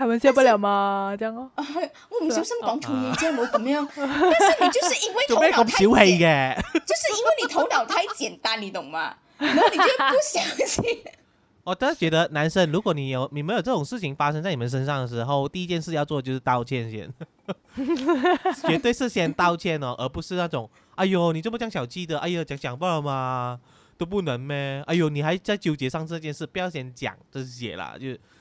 他們收不了嘛？這樣哦。我唔小心講錯嘢，即我怎咁樣。嗯嗯嗯嗯、 但是你就是因為頭腦太小氣 就是因為你頭腦太簡單， 你懂嗎？ 然後你就不相信。 我倒覺得男生，如果你有，你沒有這種事情發生在你們身上的時候，第一件事要做就是道歉先， 絕對是先道歉哦，而不是那種，哎呦，你這麼講小氣的，哎呦，講講不了嘛，都不能咩？哎呦，你還在糾結上這件事，不要先講這些啦，就。